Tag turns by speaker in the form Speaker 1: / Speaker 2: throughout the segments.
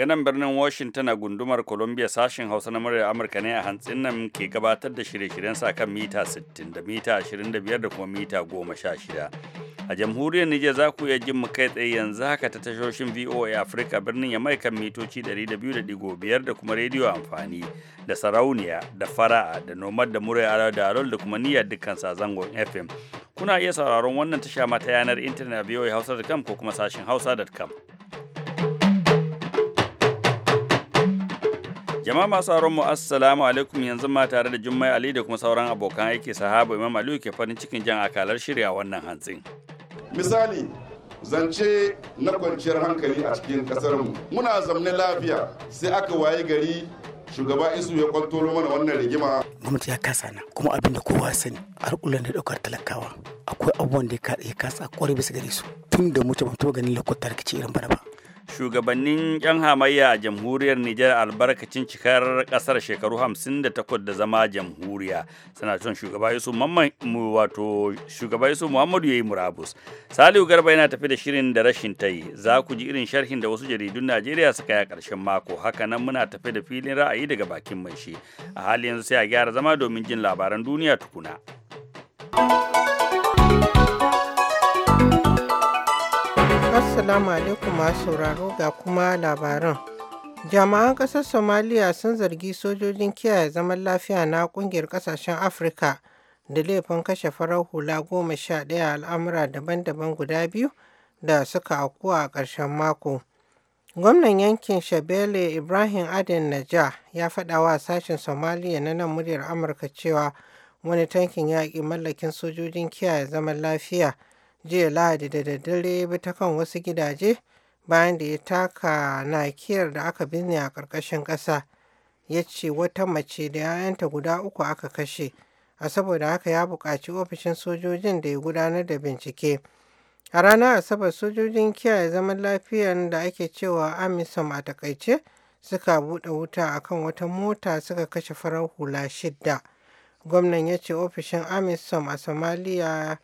Speaker 1: daga nan birnin washington a gundumar columbia sashin hausa na murar amurka ne a hantsin nan ke gabatar da shirye-shiryen sa kan mita 60 da mita 25 da kuma mita 16 a jamhuriyar niger za ku iya jin mu kai tsaye yanzu haka ta tashoshin voa afirka birnin yamai kan mitoci 200.5 da kuma rediyo amfani da sarauniya da fara'a da nomad da muryar ala da da kuma niyyar dukkan zangon fm kuna iya sauraron wannan tasha ma ta yanar intanet a voa hausa.com ko kuma sashen hausa.com Jama'a masu auren mu assalamu alaikum yanzu ma tare da Jummai Ali da kuma sauran abokan aiki sahaba Imam Aliyu ke farin cikin jan akalar shirya wannan hantsin.
Speaker 2: Misali zance na kwanciyar hankali a cikin kasar mu muna zamne lafiya sai aka waye gari shugaba isu ya kwantolo mana wannan rigima gwamnati ya kasa na
Speaker 3: kuma abin da kowa sani kullum da daukar talakawa akwai abubuwan da ya kasa kwarai bisa gare su tun da mutum ba ganin lokuta rikici
Speaker 1: irin bana ba shugabannin 'yan hamayya a jamhuriyar Nijar albarkacin cikar kasar shekaru 58 da zama jamhuriya sanatan shugaba Yusuf wato shugaba Yusuf Muhammadu yayi murabus Salihu Garba yana tafi da shirin da rashin tayi za ku ji irin sharhin da wasu jaridun Najeriya suka yi a ƙarshen mako haka nan muna tafi da filin ra'ayi daga bakin mai shi a halin yanzu sai a gyara zama domin jin labaran duniya tukuna.
Speaker 4: Assalamu alaikum masu sauraro ga kuma labaran. Jama'an ƙasar Somaliya sun zargi sojojin kiyaye zaman lafiya na ƙungiyar ƙasashen Afirka da laifin kashe farar hula goma sha ɗaya al'amura daban-daban guda biyu da suka auku a ƙarshen mako. Gwamnan yankin Shabele Ibrahim Aden Naja ya faɗa wa sashen Somaliya na nan muryar Amurka cewa wani tankin yaƙi mallakin sojojin kiyaye zaman lafiya. jiya Lahadi da daddare bi ta kan wasu gidaje bayan da ya taka na kiyar da aka binne a ƙarƙashin ƙasa. Ya ce wata mace da 'ya'yanta guda uku aka kashe, a saboda haka ya buƙaci ofishin sojojin da ya gudanar da bincike. A ranar Asabar sojojin kiyaye zaman lafiyar da ake cewa Amisom a takaice suka buɗe wuta akan wata mota suka kashe farar hula shidda. Gwamnan ya ce ofishin Amisom a somaliya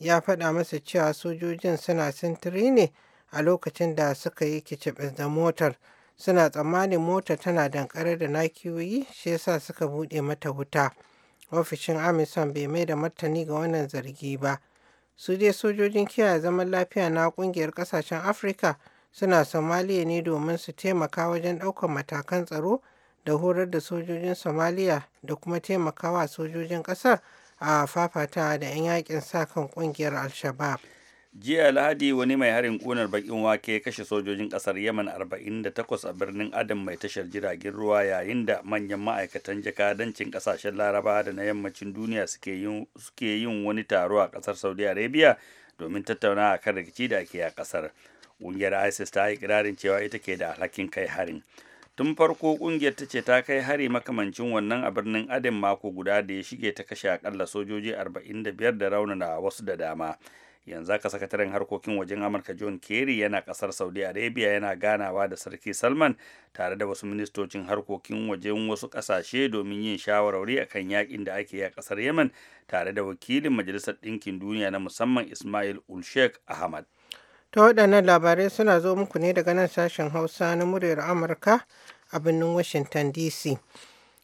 Speaker 4: ya faɗa masa cewa sojojin suna sintiri ne a lokacin da suka yi kicibis da motar suna tsammanin motar tana dankare da nakiyoyi shi yasa suka buɗe mata wuta ofishin amison bai mai da martani ga wannan zargi ba su dai sojojin kiyaye zaman lafiya na ƙungiyar ƙasashen afirka suna somaliya ne domin su taimaka wajen ɗaukar matakan tsaro da horar da sojojin somaliya da kuma taimakawa sojojin ƙasar a fafatawa da 'yan yakin sa kan kungiyar al
Speaker 1: jiya lahadi wani mai harin kunar bakin wake ya kashe sojojin kasar yaman 48 a birnin adam mai tashar jiragen ruwa yayin da manyan ma'aikatan jakadancin kasashen laraba da na yammacin duniya suke yin wani taro a kasar saudi arabia domin tattauna a kan rikici da ake a kasar ƙungiyar isis ta yi kirarin cewa ita ke da alhakin kai harin tun farko kungiyar ta ce ta kai hari makamancin wannan a birnin adin mako guda da ya shige ta kashe akalla sojoji 45 da raunana wasu da dama yanzu haka sakataren harkokin wajen amurka john kerry yana kasar saudi arabia yana ganawa da sarki salman tare da wasu ministocin harkokin wajen wasu kasashe domin yin shawarwari a kan yakin da ake yi a kasar yemen tare da wakilin majalisar ɗinkin duniya na musamman ismail ulshek ahmad
Speaker 4: Ta waɗannan labarai suna zo muku ne daga nan sashen Hausa na muryar Amurka a birnin Washington DC.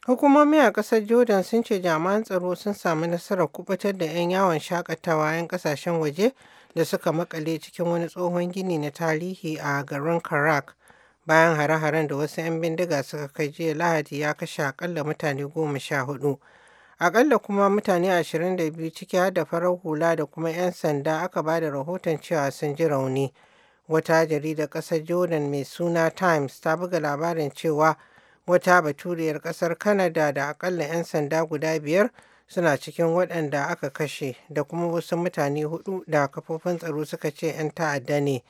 Speaker 4: Hukumomi a ƙasar Jordan sun ce jami'an tsaro sun sami nasarar kubutar da 'yan yawon shakatawa 'yan ƙasashen waje da suka makale cikin wani tsohon gini na tarihi a garin Karak. Bayan hare-haren da wasu 'yan bindiga suka kai jiya Lahadi ya kashe akalla mutane goma sha hudu. Akalla kuma mutane 22 ciki har da farar hula da kuma 'yan sanda aka ba da rahoton cewa sun ji rauni. Wata jaridar ƙasar Jordan mai suna Times ta buga labarin cewa wata baturiyar ƙasar Kanada da akalla 'yan sanda guda biyar suna cikin waɗanda aka kashe da kuma wasu mutane hudu da kafofin tsaro suka ce 'yan ta'adda ne.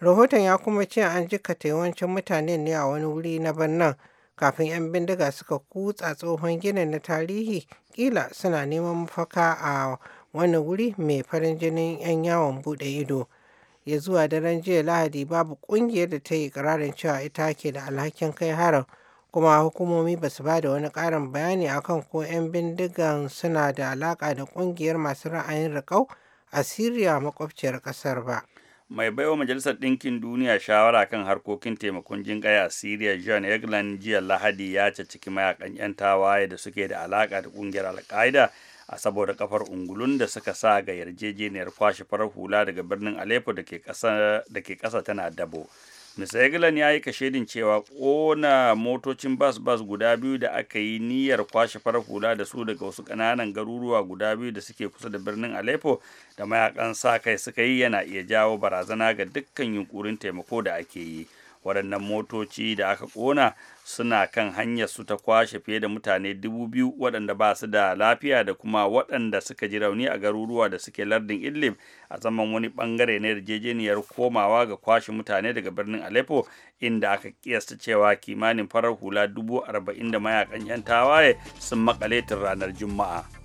Speaker 4: Rahoton ya kuma ce an jikata yawancin mutane ne a wani wuri na birnin kafin 'yan bindiga suka kutsa tsohon ginin na tarihi kila suna neman mafaka a wani wuri mai farin jinin 'yan yawon bude ido ya zuwa daren jiya lahadi babu kungiyar da ta yi ikirarin cewa ita ke da alhakin kai harin kuma hukumomi ba su ba da wani karin bayani akan ko 'yan bindigan suna da alaka da kungiyar masu ra'ayin riƙau a syria makwabciyar ƙasar ba.
Speaker 1: mai baiwa majalisar ɗinkin duniya shawara kan harkokin taimakon jinƙai a siriya john eglan jiya lahadi ya ce ciki mayakan 'yan tawaye da suke da alaƙa da ƙungiyar alƙa'ida a saboda kafar ungulun da suka sa ga yarjejeniyar kwashe farar hula daga birnin aleppo da ke ƙasa tana dabo Mr. eglan ya yi kashedin cewa ƙona motocin bas-bas guda biyu da aka yi niyyar kwashe farar hula da su daga wasu ƙananan garuruwa guda biyu da suke kusa da birnin Aleppo da mayakan sa kai suka yi yana iya jawo barazana ga dukkan yunkurin taimako da ake yi. waɗannan motoci da aka ƙona suna kan hanyar su ta kwashe fiye da mutane dubu biyu waɗanda ba su da lafiya da kuma waɗanda suka ji rauni a garuruwa da suke lardin idlib a zaman wani ɓangare na yarjejeniyar komawa ga kwashe mutane daga birnin aleppo inda aka kiyasta cewa kimanin farar hula dubu arba'in da mayakan 'yan tawaye sun makale ranar juma'a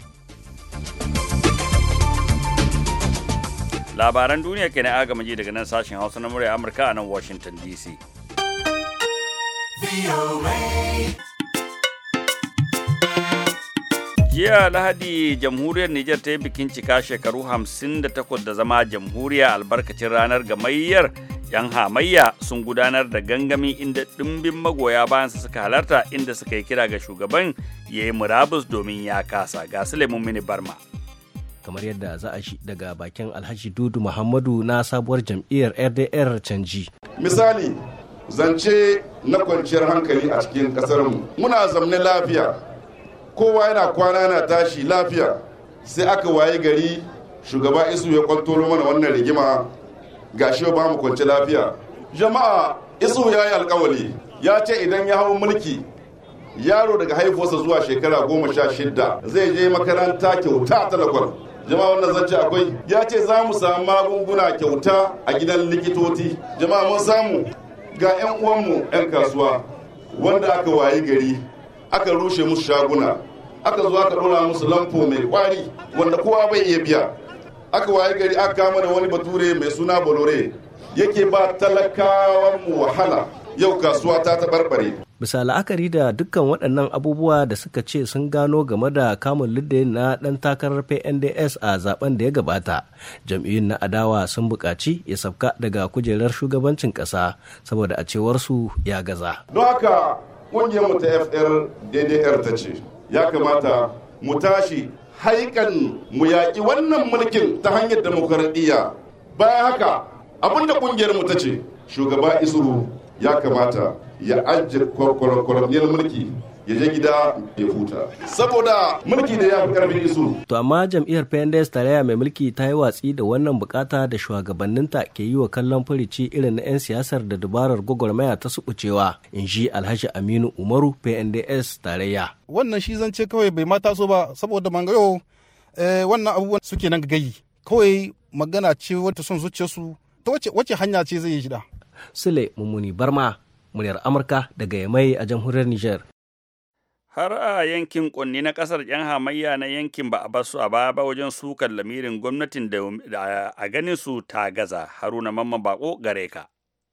Speaker 1: labaran duniya ke na agama ji daga nan sashen hausa na murya amurka a nan washington dc jiya lahadi jamhuriyar Nijar ta yi bikin cika shekaru 58 da zama jamhuriya albarkacin ranar gamayyar yan hamayya sun gudanar da gangami inda ɗimbin magoya bayan suka halarta inda suka yi kira ga shugaban ya yi murabus domin ya kasa ga sulemin mini barma kamar yadda
Speaker 5: za a shi daga bakin alhaji dudu muhammadu na sabuwar jam'iyyar rdr canji
Speaker 2: misali zance na kwanciyar hankali a cikin mu muna zamne lafiya kowa yana kwana na tashi lafiya sai aka waye gari shugaba isu ya kwantolo mana wannan rigima ga shi ba mu kwanci lafiya jama'a isu ya yi alkawali ya ce idan ya hau mulki yaro daga haifuwarsa zuwa shekara goma sha shidda zai je makaranta kyauta talakwal jama'a wannan zance akwai ya ce za mu samu magunguna kyauta a gidan likitoci jama'a mun samu ga 'yan uwanmu 'yan kasuwa wanda aka wayi gari aka rushe musu shaguna aka zo aka ɗora musu lamfo mai kwari wanda kowa bai iya biya aka wayi gari aka kama da wani bature mai suna bolore yake ba talakawan mu wahala yau kasuwa ta taɓarɓare
Speaker 5: bisa la'akari da dukkan waɗannan abubuwa da suka ce sun gano game da kamun lidde na ɗan takarar pnds a zaben da ya gabata jam'iyyun na adawa sun buƙaci ya sabka daga kujerar shugabancin ƙasa saboda a cewarsu ya gaza
Speaker 2: don haka ƙungiyar mu ta fr ddr ta ce ya kamata mu tashi haikan mu yaƙi wannan mulkin ta hanyar demokaradiyya bayan haka abinda ƙungiyar mu ta ce shugaba isuru ya kamata ya ajiye kwarakwarakwarakwarar mulki ya je gida ya huta saboda mulki da ya fi karfin isu.
Speaker 5: To amma jam'iyyar PNDS tarayya mai mulki ta yi watsi da wannan bukata da shugabanninta ke yi wa kallon furici irin na 'yan siyasar da dabarar gwagwarmaya ta subucewa in ji Alhaji Aminu Umaru PNDS tarayya.
Speaker 2: Wannan shi zance kawai bai mata so ba saboda mangayo eh, wannan abubuwan suke nan gayi kawai magana ce wata son zuciyarsu ta wace hanya ce zai yi shida.
Speaker 5: Sule mumuni Barma, muryar Amurka daga Yamai a jamhuriyar Nijar.
Speaker 1: Har a yankin kunni na ƙasar 'yan hamayya na yankin ba a basu a baya ba wajen sukar lamirin gwamnatin da a ganin su ta gaza haruna mamman bako gare ka.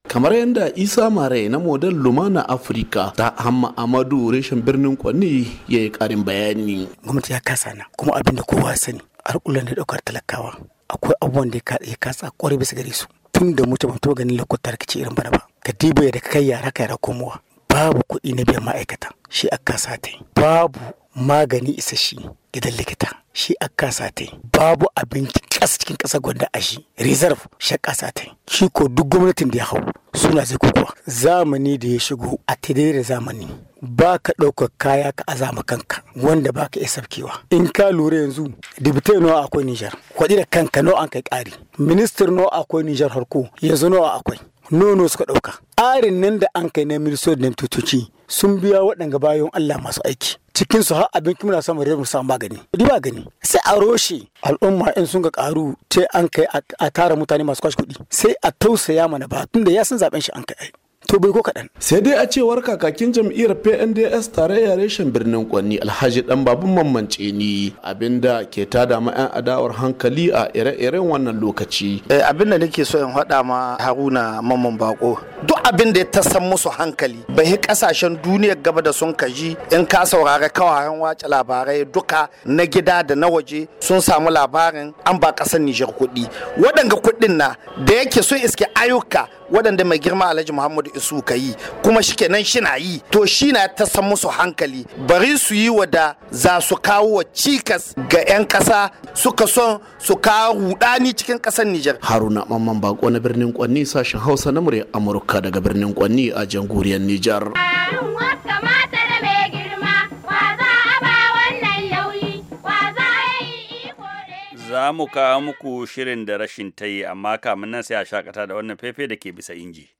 Speaker 6: kamar yadda isa mare na model lumana afirka ta hamma amadu reshen birnin kwanni ya yi karin bayani
Speaker 3: gwamnati ya kasa na kuma abin da kowa sani harkulan da daukar talakawa akwai abubuwan da ya kasa kwarai bisa gare su tun da mutum ta ganin lokutar kici irin bana ba ka diba da kai yara ra komowa babu kuɗi na biyan ma'aikata shi aka sa ta babu magani isasshe gidan likita shi aka sa ta babu abinci ƙasa cikin ƙasa gwanda a shi reserve shi ƙasa ta shi ko duk gwamnatin da ya hau suna zai kukuwa zamani da ya shigo a da zamani ba ka ɗaukar kaya ka azama kanka wanda ba ka iya sabkewa in ka lura yanzu dibitai nawa akwai nijar kwaɗi da kanka nawa an kai ƙari ministir nawa akwai nijar harko yanzu nawa akwai nono suka ɗauka arin nan da an kai na ministry da tutoci sun biya waɗanga bayan Allah masu aiki cikin su har abin kimiyya samu rayuwar mu magani di ba gani sai a roshe al'umma in sun ga karu ce an kai a tara mutane masu kwashe kuɗi sai a tausaya mana ba tunda ya san zaɓen shi an kai to bai ko kaɗan.
Speaker 2: sai dai a cewar kakakin jam'iyyar pnds tarayya reshen
Speaker 6: birnin kwanni alhaji dan babun mamance ni abinda ke tada ma 'yan adawar hankali a ire-iren wannan lokaci eh, abinda nake so in faɗa ma haruna mamman bako duk abin ya tasan musu hankali bai yi kasashen duniya gaba da sun kaji in ka saurari kawayen wace labarai duka na gida da na waje sun samu labarin an ba ƙasar nijar kuɗi waɗanga kuɗin na da yake sun iske ayyuka waɗanda mai girma alhaji muhammadu isu ka yi kuma shi nan shina yi to shi na ta san musu hankali bari su yi wa da za su kawo wa cikas ga 'yan ƙasa suka son su kawo rudani cikin ƙasar nijar haruna mamman bako na birnin kwanni sashen hausa na murya amurka daga birnin kwanni a jamhuriyar nijar
Speaker 1: za mu kawo muku shirin da rashin ta yi amma kamun nan sai a shakata da wannan fefe da ke bisa inji.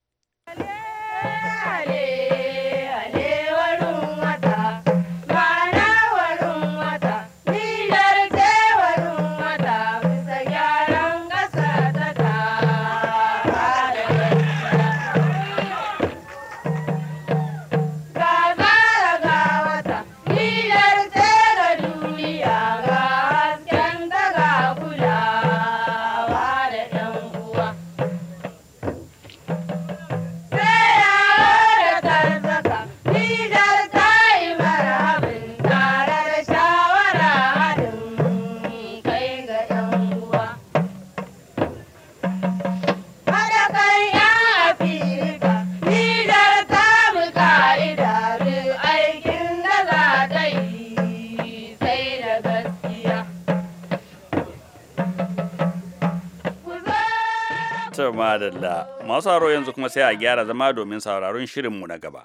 Speaker 1: madalla masu haro yanzu kuma sai a gyara zama domin sauraron shirinmu na gaba.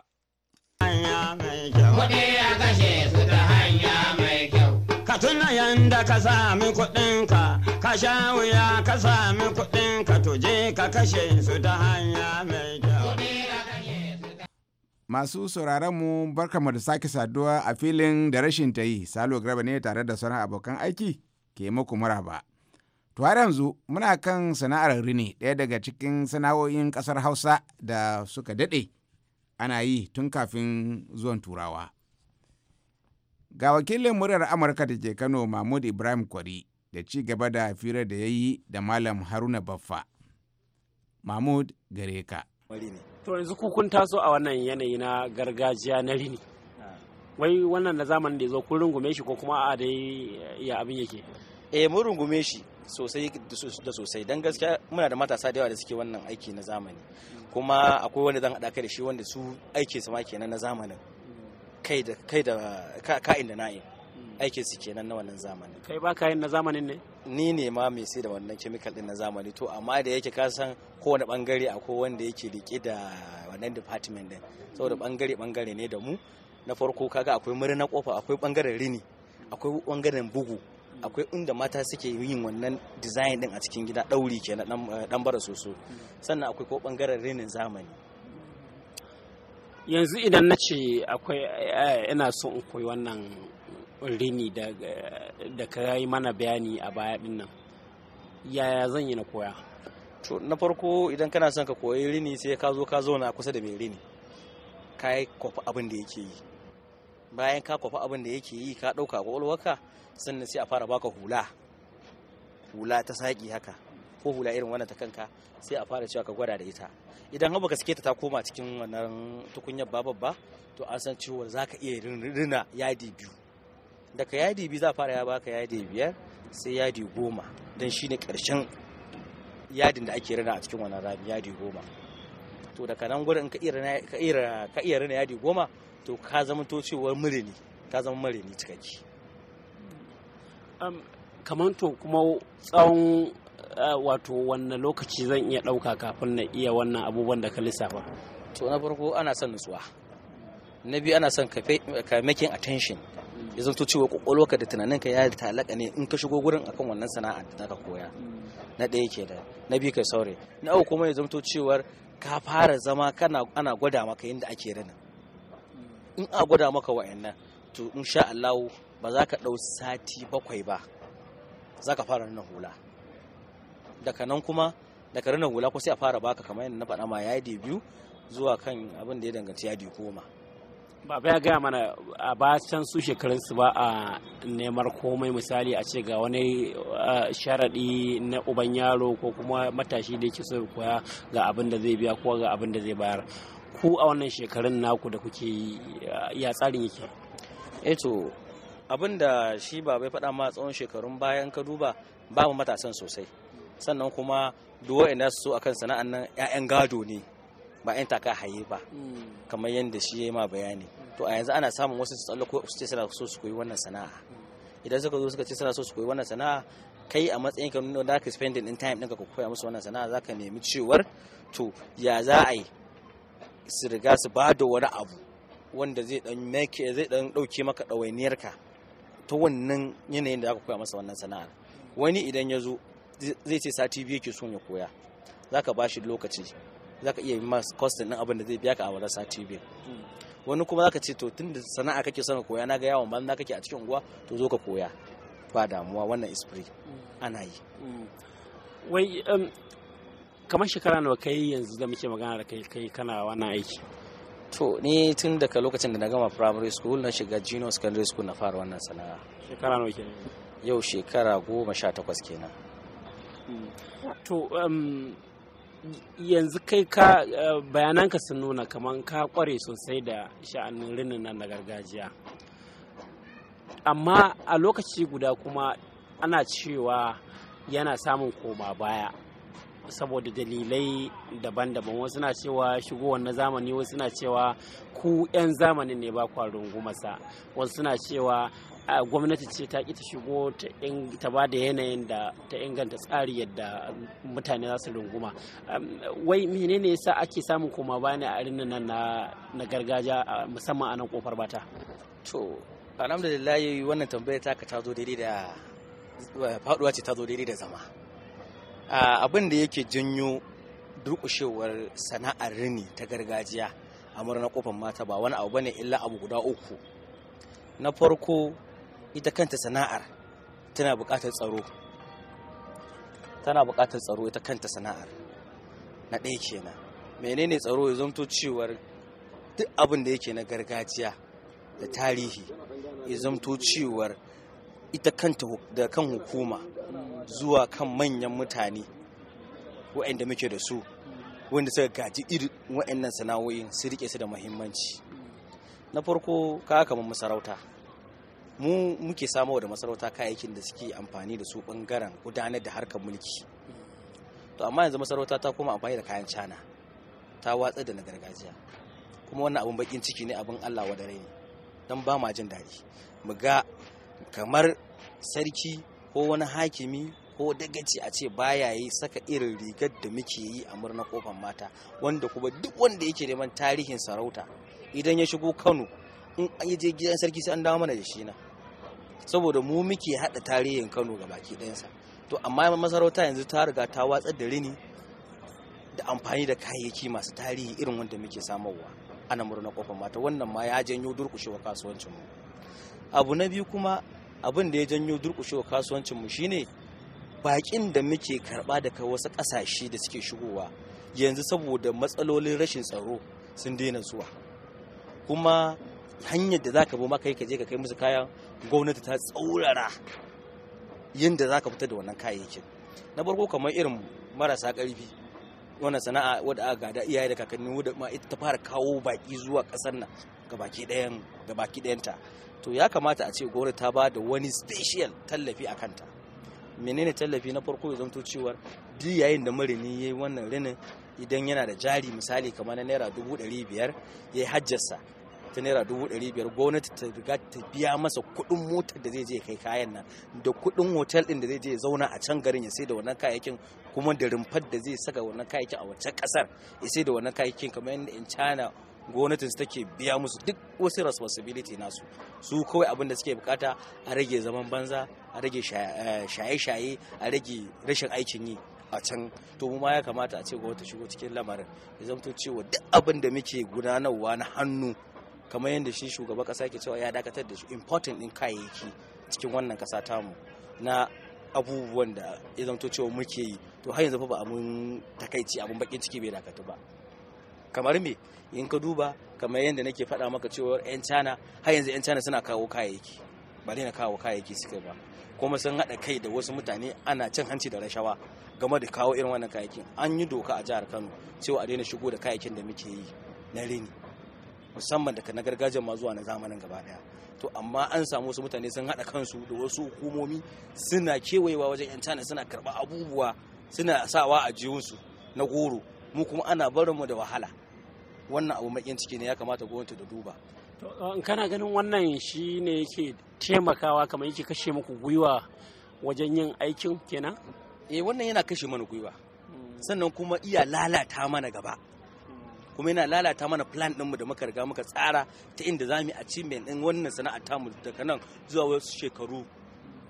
Speaker 4: kashe su
Speaker 7: ta hanya mai kyau. Ka tuna yanda ka sami kuɗinka, ka sha wuya ka sami kuɗinka tuje ka kashe su ta hanya mai
Speaker 4: kyau.
Speaker 8: Masu sauraron mu barkamu da sake saduwa a filin da rashin ta yi, Salo Graba ne tare da sauran abokan aiki ke muku maraba. To har yanzu muna kan sana'ar rini ɗaya daga cikin sana'o'in ƙasar Hausa da suka daɗe ana yi tun kafin zuwan Turawa. Ga wakilin muryar Amurka da ke Kano Mahmud Ibrahim Kwari da ci gaba da firar da ya yi da Malam Haruna Baffa. Mahmud Gareka.
Speaker 7: To yanzu kukun taso a wannan yanayi na gargajiya na rini. Wai wannan
Speaker 9: na zamanin da ya zo kun rungume shi ko kuma a dai ya abin yake? Eh mun rungume shi sosai da sosai don gaskiya muna da matasa da yawa da suke wannan aiki na zamani kuma akwai wanda zan haɗa kai da shi wanda su aiki su ma kenan na zamanin kai da kai da ka'in da na'in aikin su kenan na wannan zamanin kai ba kayan na zamanin ne ni ne ma mai sai da wannan chemical din na zamani to amma da yake ka san kowane bangare akwai wanda yake rike da wannan department din saboda bangare bangare ne da mu na farko kaga akwai murna kofa akwai bangaren rini akwai bangaren bugu akwai inda mata suke yin wannan design din a cikin gida ɗauri ke na ɗanbara eh, bara soso sannan akwai ko ɓangaren renin zamani yanzu idan na ce akwai eh, eh, ina so in koyi
Speaker 7: wannan rini da ka yi mana bayani a baya din nan
Speaker 9: yaya zan yi na koya to na farko idan kana son ka koyi rini sai ka zo ka zauna kusa da mai rini ka yi kwafi abin da yake yi bayan ka kwafi abin da yake yi ka ɗauka ƙwaƙwalwarka sannan sai a fara baka hula hula ta saƙi haka ko hula irin wannan ta kanka sai a fara cewa ka gwada da ita idan har baka sike ta ta koma cikin wannan tukunyar ba to an san cewa za ka iya rina yadi biyu daga yadi biyu za fara ya baka yadi biyar sai yadi goma don shine karshen yadin da ake rina a cikin wannan rami yadi goma to daga nan gurin ka iya rina yadi goma to ka zama to cewa ne ka zama ne cikakke
Speaker 7: Kamanto kuma tsawon eh, wato wannan lokaci zan iya ɗauka kafin na iya wannan abubuwan da ka lissafa
Speaker 9: to na farko ana son nutsuwa na biyu ana son ka making attention ya zanto cewa ka da tunaninka ya talaka ne in ka shigo gurin akan wannan sana'a da ka koya na ɗaya ke da na biyu kai sauri na uku kuma ya zanto cewar ka fara zama kana ana gwada maka yadda ake rana in a gwada maka wa'annan to in sha Allah ba za ka ɗau sati bakwai ba za ka fara nuna hula daga nan kuma daga nuna hula ko sai a fara baka kamar yadda na faɗa ma yadi biyu zuwa kan abin da ya danganci yadi goma ba ya gaya mana a ba can
Speaker 7: su shekarun su ba a neman komai misali a ce ga wani sharaɗi na uban yaro ko kuma matashi da yake so koya ga abin da zai biya ko ga abin da zai bayar ku a wannan shekarun naku da kuke ya tsarin yake
Speaker 9: eto eh abin da shi ba bai faɗa ma tsawon shekarun bayan ka duba babu matasan sosai sannan kuma duwa ina su kan sana'an nan 'ya'yan gado ne ba 'yan taka haye ba kamar yadda shi ya yi ma bayani to a yanzu ana samun wasu su tsallako su ce suna so su koyi wannan sana'a idan suka zo suka ce suna so su koyi wannan sana'a kai a matsayin ka nuna da ka spending in time ɗinka ka koya musu wannan sana'a za ka nemi cewar to ya za a yi su riga su ba da wani abu wanda zai dan dauke maka ɗawainiyarka ta wannan yanayin da aka koya masa wannan sana'ar wani idan ya zo zai ce sati biyu ke son ya koya za ka ba shi lokaci za ka iya yi mas kwastin ɗin abin da zai biya ka a wadar sati biyu wani kuma za ka ce to tun da sana'a kake son ka koya na ga yawon banza kake a cikin unguwa to zo ka koya ba damuwa wannan ispiri ana yi
Speaker 7: wai um, kamar shekara nawa kai yanzu da muke magana da kai
Speaker 9: kana wannan aiki to ni tun daga lokacin da na gama primary school na shiga junior secondary school na fara wannan sana'a shekara nawa kenan yau shekara goma sha takwas kenan
Speaker 2: hmm.
Speaker 7: to um, yanzu kai ka eh, bayananka sun nuna kamar ka kware sosai da sha'anin rinin nan na gargajiya amma a lokaci guda kuma ana cewa yana samun koma baya saboda dalilai daban-daban wasu na cewa shigowar na zamani wasu na cewa ku 'yan zamanin ne ba kwa rungumasa wasu na cewa gwamnati ce ta ita shigo ta ba da yanayin da ta inganta tsari yadda mutane za su runguma wai menene yasa ake samun koma bayan a rinna nan na gargajiya musamman a nan kofar bata to
Speaker 9: alhamdulillah wannan tambayar ka ta zo daidai da faduwa ce ta zo daidai da zama abin da yake janyo durƙushewar sana'ar rini ta gargajiya a murnar kofar mata ba wani abu bane illa abu guda uku na farko ita kanta sana'ar tana buƙatar tsaro tana buƙatar tsaro ita kanta sana'ar na ɗaya kenan menene tsaro ya zamto cewar duk abin da yake na gargajiya da tarihi ya zamto cewar ita kanta da kan hukuma zuwa kan manyan mutane waɗanda muke da su wanda suka gaji irin waɗannan sana'o'in su rike su da muhimmanci na farko ka kamar masarauta mu muke samarwa da masarauta kayayyakin da suke amfani da su bangaren gudanar da harkar mulki to amma yanzu masarauta ta koma amfani da kayan cana ta watsar da na gargajiya kuma wannan abun bakin ciki ne abin Allah rai ne dan ba ma jin daɗi mu ga kamar sarki ko wani hakimi ko dagaci a ce baya yi saka irin rigar da muke yi a murnar kofar mata wanda kuma duk wanda yake neman tarihin sarauta idan ya shigo kano in an gidan sarki sai an dawo mana da shi na saboda mu muke hada tarihin kano ga baki ɗayansa to amma masarauta yanzu ta riga ta watsar da rini da amfani da kayayyaki masu tarihi irin wanda muke samarwa ana murnar kofar mata wannan ma ya janyo durkushewa mu. abu na biyu kuma abin da ya janyo durƙushewa mu shine baƙin da muke karba daga wasu ƙasashe da suke shigowa yanzu saboda matsalolin rashin tsaro sun daina zuwa kuma hanyar da zaka bi maka ka je ka kai musu kayan gwamnati ta tsaurara yadda zaka ka fita da wannan kayayyakin na farko kamar irin marasa karfi wannan sana'a wadda aka gada iyaye da kakanni wadda ma ita ta fara kawo baki zuwa ƙasar nan ga baki ɗayan ga baki ɗayanta to ya kamata a ce gori ta ba da wani special tallafi a kanta menene tallafi na farko ya zanto cewa duk yayin da marini ya yi wannan rinin idan yana da jari misali kamar na naira dubu ɗari biyar ya yi hajjarsa ta naira dubu ɗari biyar gwamnati ta riga ta biya masa kuɗin motar da zai je kai kayan nan da kuɗin hotel ɗin da zai je ya zauna a can garin ya sai da wannan kayayyakin kuma da rumfar da zai saka wannan kayayyakin a wancan ƙasar ya sai da wannan kayayyakin kamar yadda in china gwamnatin su take biya musu duk wasu responsibility nasu su kawai abin da suke bukata a rage zaman banza a rage eh, shaye-shaye a rage rashin aikin yi a can to mu ma ya kamata a ce gwamnati shigo cikin lamarin ya zamto cewa duk abin da muke gudanarwa na hannu kamar yadda shi shugaban kasa ke cewa ya dakatar da important din kayayyaki cikin wannan kasa tamu na abubuwan da ya zamto cewa muke yi to har yanzu fa ba mun takaici abun bakin ciki bai dakatu ba kamar me in ka duba kamar yadda nake fada maka cewar 'yan cana har yanzu 'yan cana suna kawo kayayyaki ba daina kawo kayayyaki suka ba kuma sun haɗa kai da wasu mutane ana cin hanci da rashawa game da kawo irin wannan kayayyakin an yi doka a jihar kano cewa a daina shigo da kayayyakin da muke yi na rini musamman daga na gargajiyar ma zuwa na zamanin gaba daya to amma an samu wasu mutane sun haɗa kansu da wasu hukumomi suna kewayewa wajen 'yan cana suna karɓa abubuwa suna sawa a jiwunsu na goro mu kuma ana barin mu da wahala wannan abu makin ciki ne ya kamata gwamnati da duba
Speaker 7: kana ganin wannan shi ne yake taimakawa kamar yake kashe muku gwiwa wajen yin aikin kenan
Speaker 9: eh wannan yana kashe mana gwiwa
Speaker 4: hmm.
Speaker 9: sannan kuma iya lalata mana gaba hmm. kuma yana lalata mana plan ɗinmu da muka riga muka tsara ta inda za mu yi achievement ɗin wannan sana'a tamu daga nan zuwa wasu shekaru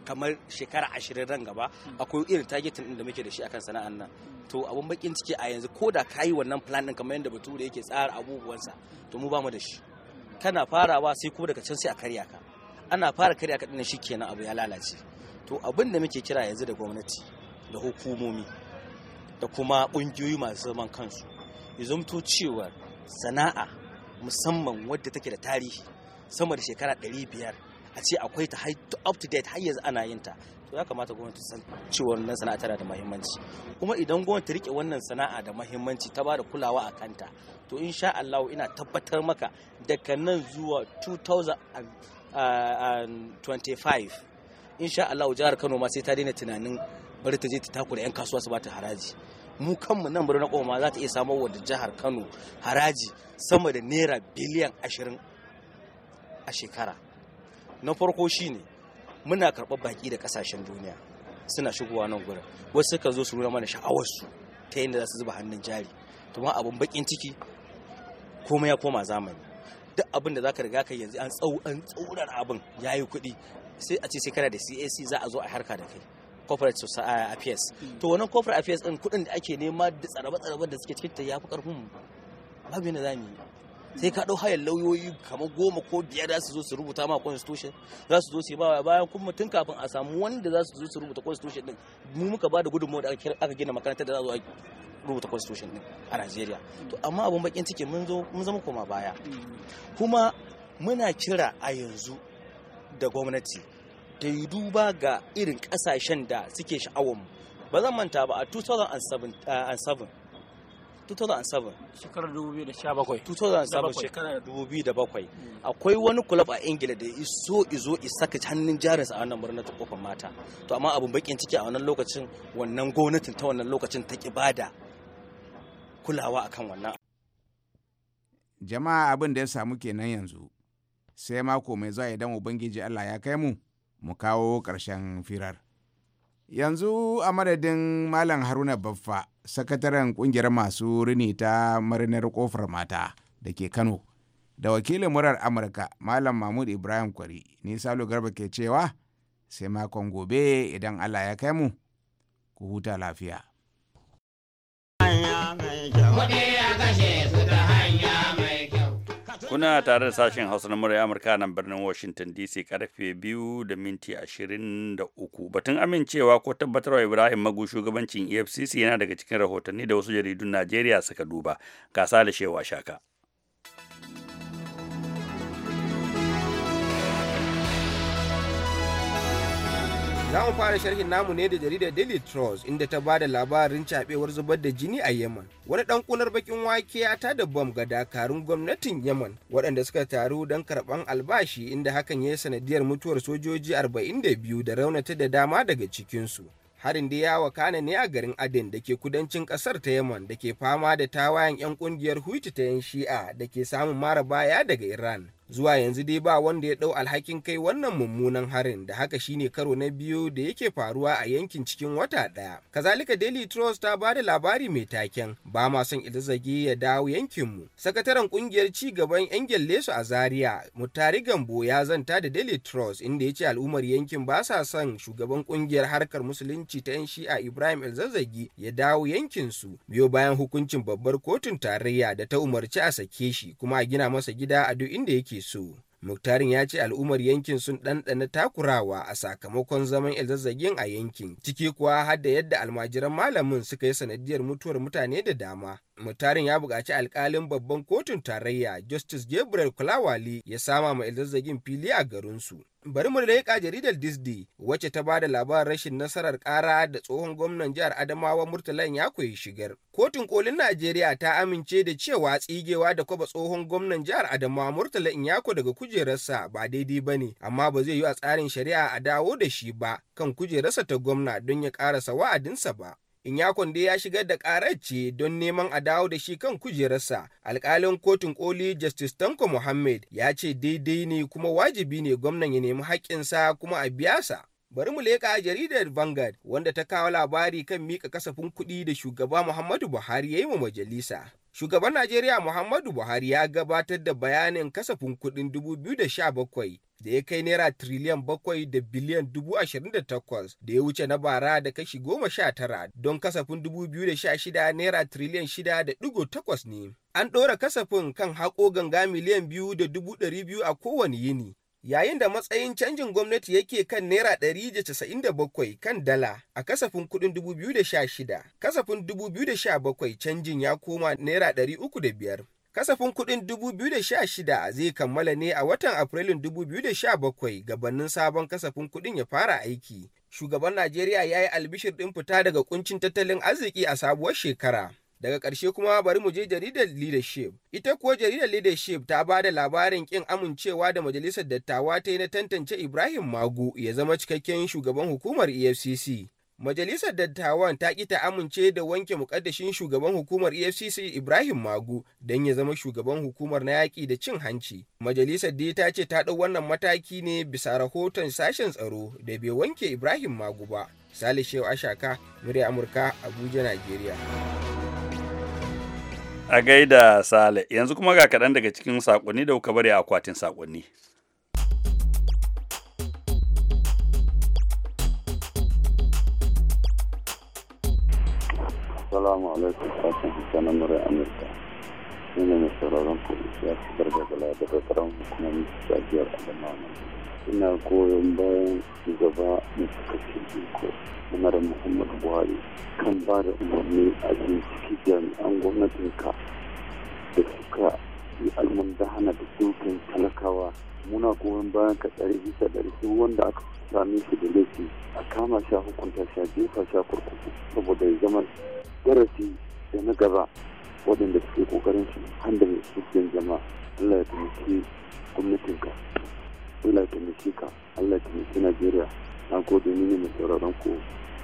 Speaker 9: kamar shekara ashirin ran gaba akwai irin targetin din da muke da shi akan sana'an nan to abun bakin ciki a yanzu ko da ka yi wannan plan din kamar yadda bature yake tsara abubuwansa to mu bamu da shi kana farawa sai ko daga can sai a karya ka ana fara karya ka shi kenan abu ya lalace to abin da muke kira yanzu da gwamnati da hukumomi da kuma ƙungiyoyi masu zaman kansu ya zamto cewa sana'a musamman wadda take da tarihi sama da shekara 500 a ce akwai ta up to date har yanzu ana yin ta to ya kamata gwamnati ta san cewa wannan sana'a tana da muhimmanci kuma idan gwamnati ta rike wannan sana'a da muhimmanci ta ba da kulawa a kanta to insha Allah ina tabbatar maka daga nan zuwa 2025 insha Allah jihar Kano ma sai ta daina tunanin bari ta je ta takura 'yan kasuwa su ba haraji mu kanmu nan birnin Koma za ta iya samar wa jihar Kano haraji sama da naira biliyan ashirin a shekara na farko shi ne muna karɓar baki da ƙasashen duniya suna shigowa nan gurin wasu suka zo su nuna mana sha'awarsu ta yadda za su zuba hannun jari to abin baƙin ciki komai ya koma zamani duk abin da za ka riga ka yanzu an tsau tsaurar abin ya yi kuɗi sai a ce sai kana da cac za a zo a harka da kai corporate affairs to wannan corporate affairs din kuɗin da ake nema da tsarabe-tsarabe da suke cikin ta ya fi babu yadda za mu yi sai ka ɗau hayar lauyoyi kamar goma ko biyar za su zo su rubuta ma constitution za su zo su yi ba bayan kuma tun kafin a samu wanda za su zo su rubuta constitution din mu muka ba da gudunmawa da aka gina makarantar da za zo rubuta constitution din a Najeriya to amma abun bakin ciki mun zo mun zama koma baya kuma muna kira a yanzu da gwamnati ta yi duba ga irin kasashen da suke sha'awar mu ba zan manta ba a 2007 2007 shekarar 2007 shekarar 2007 akwai wani kulab a ingila da iso izo isaka hannun jarinsa a wannan murnar ta kofar mata to amma abin bakin ciki a wannan lokacin wannan gwamnatin ta wannan lokacin ta bada kulawa akan wannan
Speaker 8: jama'a abin da ya samu kenan yanzu sai mako mai zuwa idan ubangiji allah ya kai mu mu kawo karshen firar yanzu a madadin malam haruna baffa sakataren kungiyar masu rini ta marinar kofar mata da ke kano da wakilin murar amurka malam mahmud ibrahim kwari ni salo garba ke cewa sai makon gobe idan allah ya kai mu ku huta lafiya.
Speaker 4: Kuɗi a kashe su
Speaker 1: Kuna tare da sashen Hausa na murya Amurka nan birnin Washington DC karfe biyu da minti ashirin da uku. Batun amincewa ko tabbatarwa Ibrahim Magu shugabancin EFCC yana daga cikin rahotanni da wasu jaridun Najeriya suka duba. Gasa da shewa shaka.
Speaker 6: Za mu fara sharhin namu ne da jaridar Daily Trust inda ta bada labarin cabewar zubar da jini a Yemen. Wani dan kunar bakin wake ya ta da bom ga dakarun gwamnatin Yemen waɗanda suka taru don karɓan albashi inda hakan ya yi sanadiyar mutuwar sojoji 42 da raunata da dama daga cikinsu. Harin da ya wakana ne a garin Aden da ke kudancin ƙasar ta Yemen da ke fama da tawayen 'yan ƙungiyar hutu ta 'yan Shi'a da ke samun mara baya daga Iran. zuwa yanzu dai ba wanda ya ɗau alhakin kai wannan mummunan harin da haka shine karo na biyu da yake faruwa a yankin cikin wata ɗaya kazalika daily trust ta ba da labari mai taken ba ma son ilzage ya dawo yankin mu. sakataren kungiyar ci gaban yan gyallesu a zaria mutari gambo ya zanta da daily trust inda ya ce al'ummar yankin ba sa son shugaban kungiyar harkar musulunci ta yan shi'a ibrahim ilzazzagi ya dawo yankin su. biyo bayan hukuncin babbar kotun tarayya da ta umarci a sake shi kuma a gina masa gida a duk inda yake su Muktarin ya ce al'ummar yankin sun ɗanɗana takurawa a sakamakon zaman ilzazzagin a yankin, ciki kuwa har da yadda almajiran malamin suka yi sanadiyar mutuwar mutane da dama. mutarin ya buƙaci alkalin babban kotun tarayya justice gabriel kulawali ya sama ma ilzazzagin fili a garinsu bari mu leƙa jaridar disney wacce ta ba da labarin rashin nasarar ƙara da tsohon gwamnan jihar adamawa murtala ya koyi shigar kotun kolin najeriya ta amince da cewa tsigewa da kwaba tsohon gwamnan jihar adamawa murtala inyako daga kujerarsa ba daidai ba ne amma ba zai yi a tsarin shari'a a dawo da shi ba kan kujerarsa ta gwamna don ya ƙarasa wa'adinsa ba Inyakon kwande ya shigar da ƙararce don neman a dawo da shi kan kujerarsa. alkalin kotun koli Justice Tanko Muhammad ya ce daidai ne kuma wajibi ne gwamnan ya nemi haƙƙinsa kuma a biya sa. Bari mu leƙa jaridar Vanguard wanda ta kawo labari kan mika kasafin kuɗi da shugaba Muhammadu Buhari ya yi wa majalisa. Shugaban Najeriya Muhammadu Buhari ya gabatar da bayanin kasafin kuɗin 2017 da ya kai naira triliyan bakwai da biliyan dubu ashirin da takwas da ya wuce na bara da kashi goma sha tara don kasafin dubu biyu da sha shida naira triliyan shida da digo takwas ne. An ɗora kasafin kan haƙo ganga miliyan biyu da dubu ɗari biyu a kowane yini. Yayin da matsayin canjin gwamnati yake kan Naira ɗari da casa'in da bakwai kan dala a kasafin kuɗin dubu biyu da sha shida, kasafin dubu biyu da sha bakwai canjin ya koma Naira ɗari uku da biyar. Kasafin kuɗin 2016 zai kammala ne a watan Afrilun 2017 gabanin sabon kasafin kuɗin ya fara aiki. Shugaban Najeriya ya yi albishir ɗin fita daga kuncin tattalin arziki a sabuwar shekara. Daga ƙarshe kuma bari mu je jaridar leadership. Ita kuwa jaridar leadership ta ba da labarin ƙin amincewa da majalisar dattawa ta yi na tantance Ibrahim Magu ya zama cikakken shugaban hukumar EFCC. Majalisar Dattawan ta ƙi ta amince da wanke mukaddashin shugaban hukumar EFCC Ibrahim Magu don ya zama shugaban hukumar na yaƙi da cin hanci. Majalisar dai ta ce ta ɗau wannan mataki ne bisa rahoton sashen tsaro da bai wanke Ibrahim Magu ba. Sale Shehu Ashaka, murya Amurka, Abuja, Najeriya.
Speaker 1: A gaida Sale, yanzu kuma ga kaɗan daga cikin saƙonni da kuka bari a akwatin saƙonni.
Speaker 8: Assalamu alaikum sashen hita na murai Amurka. Ni ne mai
Speaker 1: sauraron kuɗi ya fi gargagala da kakarar hukumar jajiyar Adamawa. Ina goyon bayan shugaba mai ce jiko, Umar Muhammadu Buhari kan ba da umarni a binciki jami'an gwamnatinka da suka yi hana da dukkan talakawa muna goyon bayan ka tsare bisa ɗari duk wanda aka same shi da laifi a kama sha hukunta sha jefa sha kurkuku saboda ya zama darasi da na gaba waɗanda suke kokarin su handa mai sukin jama'a Allah ya taimaki gwamnatinka Allah ya taimaki ka Allah ya taimaki Najeriya na gode ni ne mai sauraron ku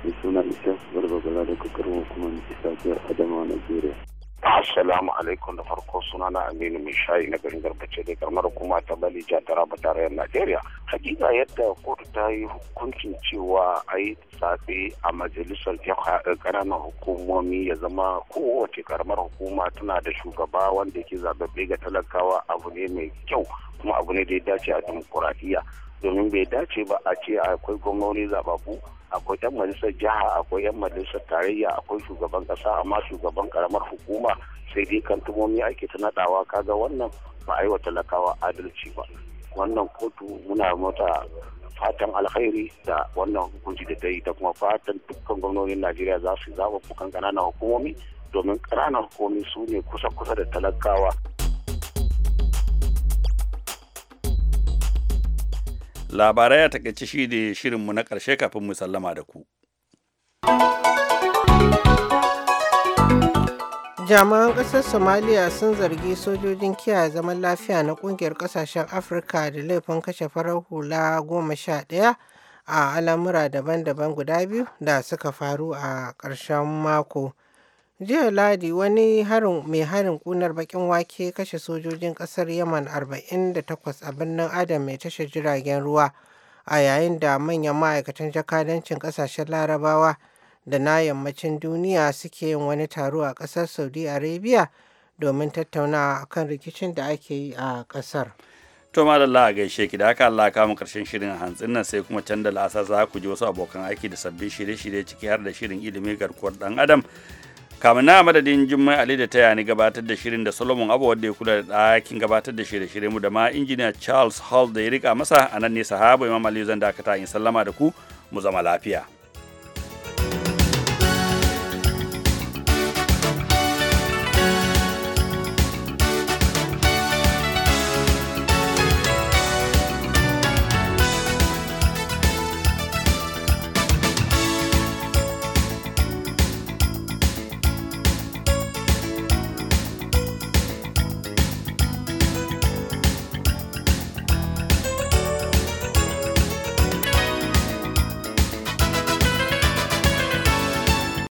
Speaker 1: mai suna Isa Barbabala
Speaker 8: daga karamar kuma mai isa jihar Adamawa Najeriya. Assalamu alaikum da farko sunana Aminu mai shayi na garin garbace da karamar hukuma ta Bali Jatara ba tarayyar Najeriya. Hakika yadda kotu ta yi hukuncin cewa a yi tsafe a majalisar eh,
Speaker 1: ƙananan hukumomi ya zama kowace karamar hukuma tana da shugaba wanda ke zababbe ga talakawa abu ne mai kyau kuma abu ne da ya dace a dimokuraɗiyya domin bai dace ba a ce akwai gwamnoni zababu akwai yan majalisar jiha akwai yan majalisar tarayya akwai shugaban kasa amma shugaban karamar hukuma sai dai kantumomi ake ta nadawa kaga wannan ba a yi wa talakawa adalci ba wannan kotu muna mata fatan alkhairi da wannan hukunci da ta yi da kuma fatan dukkan gwamnonin najeriya za su zaɓa kukan ƙananan hukumomi domin ƙananan hukumomi su ne kusa-kusa da talakawa labarai a takaice shi ne shirinmu na ƙarshe kafin mu sallama da ku
Speaker 4: jami'an ƙasar somaliya sun zargi sojojin kiyaye zaman lafiya na ƙungiyar ƙasashen afirka da laifin kashe farar hula goma sha ɗaya a al'amura daban-daban guda biyu da suka faru a ƙarshen mako. Jiya Ladi wani harin mai harin kunar bakin wake kashe sojojin kasar Yaman 48 a birnin Adam mai tashar jiragen ruwa a yayin da manyan ma'aikatan jakadancin kasashen larabawa da na yammacin duniya suke yin wani taro a kasar Saudi Arabia domin tattaunawa kan rikicin da ake yi a kasar.
Speaker 1: To madalla a gaishe ki da haka Allah ya kama karshen shirin hantsin nan sai kuma can da la'asa za ku ji wasu abokan aiki da sabbin shirye-shirye ciki har da shirin ilimi garkuwar dan adam kamar na madadin jimma'i ali da ta yani gabatar da shirin da solomon abu wanda ya kula da ɗakin gabatar da shirye-shirye mu da ma injiniya charles hall da ya rika masa a nan ne sahaba imam aliyu zan dakata in sallama da ku mu zama lafiya